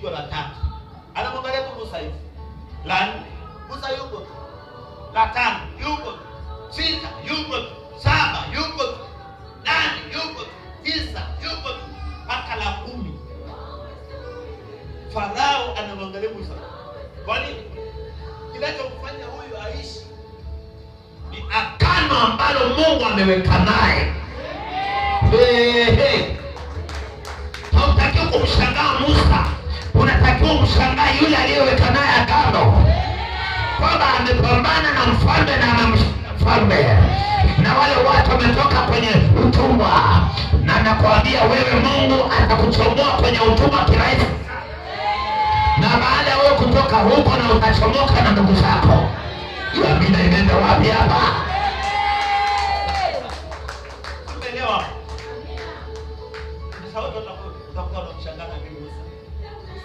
pigwa la tatu, anamwangalia tu Musa hivi, la nne Musa yuko tu, la tano yuko sita yuko saba yuko tu, nane yuko tu, tisa yuko tu, mpaka la kumi. Farao anamwangalia Musa. Kwa nini? Kinachomfanya huyu aishi ni agano ambalo Mungu ameweka naye. yule aliyeweka naye agano kwamba amepambana na mfalme na mfalme, na wale watu wametoka kwenye utumwa, na nakwambia wewe, Mungu atakuchomoa kwenye utumwa kirahisi, na baada ya wewe kutoka huko, na utachomoka na ndugu zako. Hiyo amina imeenda wapi hapa? Sauti utakuwa Musa.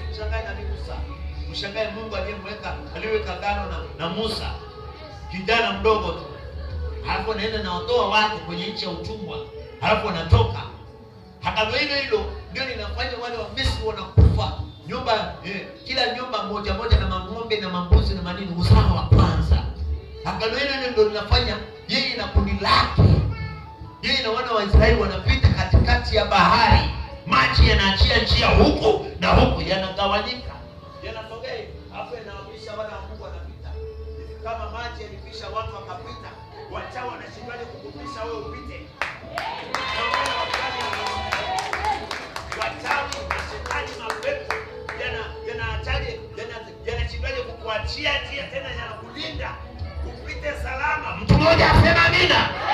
Musa. Mshangae Mungu aliyemweka aliyeweka agano na, na Musa kijana mdogo tu, alafu anaenda nawatoa watu kwenye nchi ya utumwa, alafu anatoka Agano hilo hilo ndio linafanya wale wa Misri wanakufa nyumba eh, kila nyumba moja moja na mang'ombe na mambuzi na manini, uzao wa kwanza. Agano hilo ndio linafanya yeye na kundi lake, yeye na wana wa Israeli wanapita katikati ya bahari, maji yanaachia njia huku na huku, yanagawanyika kukupisha, watu wakapita, wachawi wanashindaje kukupisha wewe upite? Wachawi mashetani, mapepo yanaachaje, yanashindaje kukuachia njia tena, yanakulinda upite salama. Mtu mmoja asema amina.